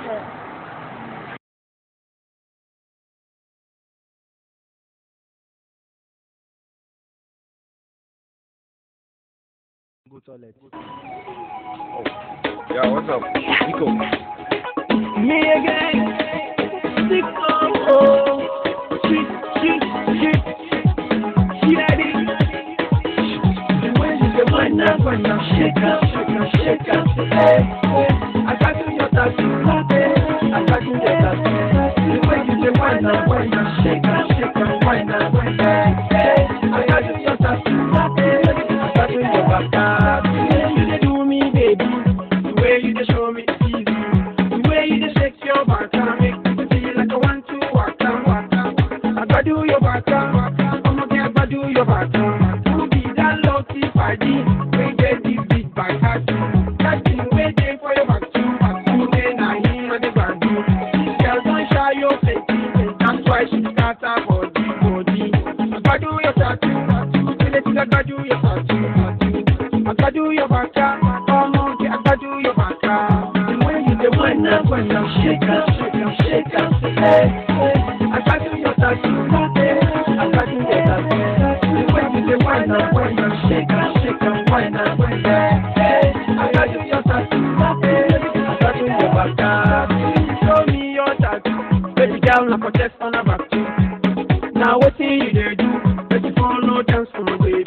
Go toilet. Oh. Yeah, what's up? Nico. Me again. Nico. Oh. Shit, shit, shit. She had it. The you get right now, right now. Shake up, shake up, shake up. Hey, hey. I got to your tattoo. I got you get that. The way you get wine and wine shake and shake and wine and wine. I got you get that. I got you get that. You dey do me, baby. The way you dey show me is The way you dey shake your back make me like I want to walk and walk I got do your back I'ma get do your back and be that lucky party. We get this big back you. matter for the money. I gotta your tattoo, tattoo, till it I gotta your tattoo, tattoo. I gotta your banker, come on, I to do your banker. When you the one up, when i shake shake shake I gotta do your tattoo. wetin you dey do make you follow dance for baby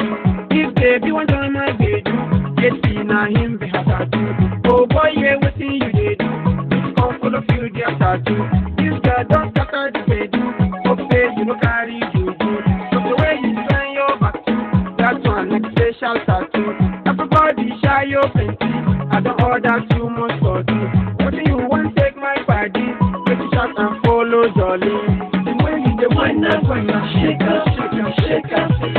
if baby wan join my gbedu jp na him be her tattoo oh boy yeah wetin you dey do make you come follow feel their tattoo this girl don scatter the gbedu hope say oh, you no carry juju so the way you turn your back to that one like special tattoo everybody share your plenty i don order too much.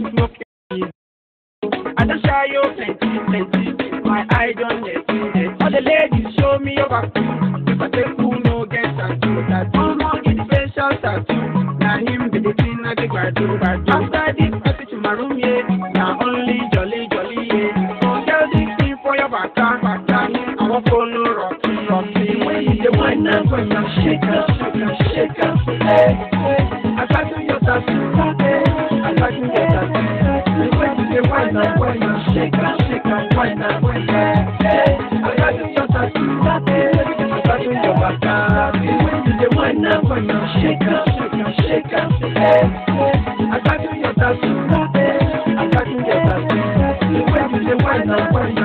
smoke I don't show you plenty, plenty. My eye don't let All the ladies show me your back. If I take who no get tattoo, tattoo oh, no get the special tattoo. Now him be the thing I get badu badu. After this, I sit in my room yeah. Now only jolly jolly yeah. So tell this thing for your back, back, back. I won't follow rocky, rocky. When you the one now, when you shake up, shake up, shake up, hey, hey. your tattoo. buena, buena, seca, seca, buena, buena. Acá yo tata tu date, tata tu yo acá. Buena, buena, seca, seca, seca. Acá yo tata tu date, acá yo tata tu. Buena, buena.